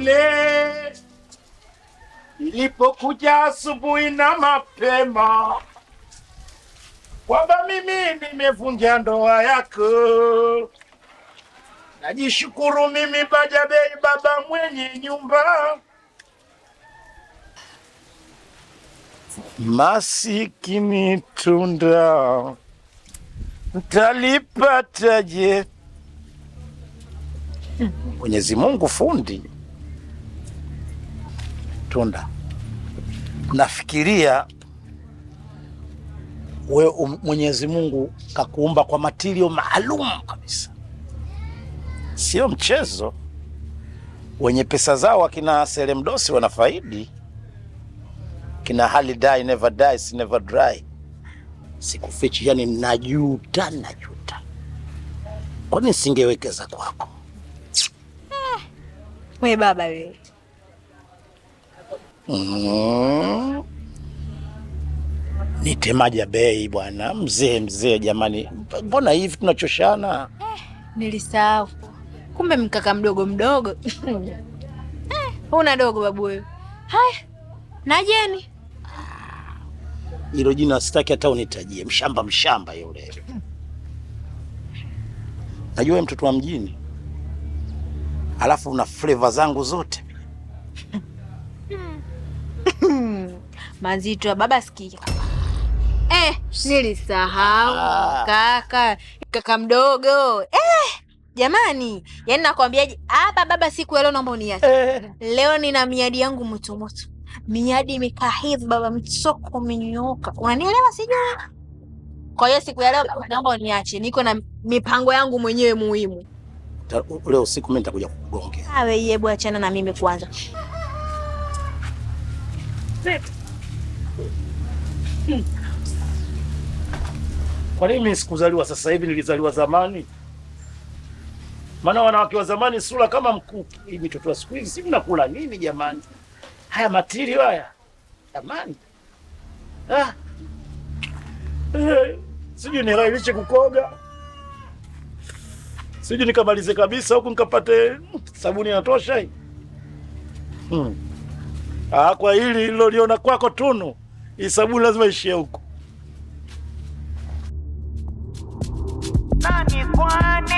ile ilipokuja asubuhi na mapema kwamba mimi nimevunja ndoa yako, najishukuru mimi Bajabei, baba mwenye nyumba masikini, tunda ntalipataje? Mwenyezi Mungu fundi tunda. Nafikiria we um, Mwenyezi Mungu kakuumba kwa matirio maalum kabisa, sio mchezo. Wenye pesa zao akina Selemdosi wanafaidi, kina hali die never dies never dry. Sikufichi, yani najuta, najuta. Kwani singewekeza kwako? Eh, We baba wewe Mhm. Nitemaje Nitemaja bei bwana mzee, mzee jamani, mbona hivi tunachoshana? Eh, nilisahau kumbe mkaka mdogo mdogo eh, una dogo babu wewe. Haya, najeni hilo jina sitaki hata unitajie, mshamba mshamba yule. Najua mtoto wa mjini, alafu una flavor zangu zote mazito ya baba. Sikia eh, nilisahau ah. kaka, kaka mdogo eh. Jamani, yani nakwambiaje hapa baba, siku ya leo naomba uniache eh. Leo nina miadi yangu motomoto, miadi imekaa hivi baba, msoko umenyooka, unanielewa sijui? Kwa hiyo siku ya leo naomba uniache, niko na mipango yangu mwenyewe muhimu. Leo usiku mimi nitakuja kugongea. Awe yeye achana na mimi kwanza. Kwa nini mimi sikuzaliwa sasa hivi? Nilizaliwa zamani. Maana wanawake wa zamani sura kama mkuki. Hii mitoto ya siku hizi si mnakula nini jamani? Haya matiri haya jamani, ah. Eh, sijui nirailishe kukoga, sijui nikamalize kabisa huku nikapate hmm, sabuni inatosha hii. Hmm. Ah, kwa hili liloliona kwako tunu hii sabuni lazima ishie huko nani kwani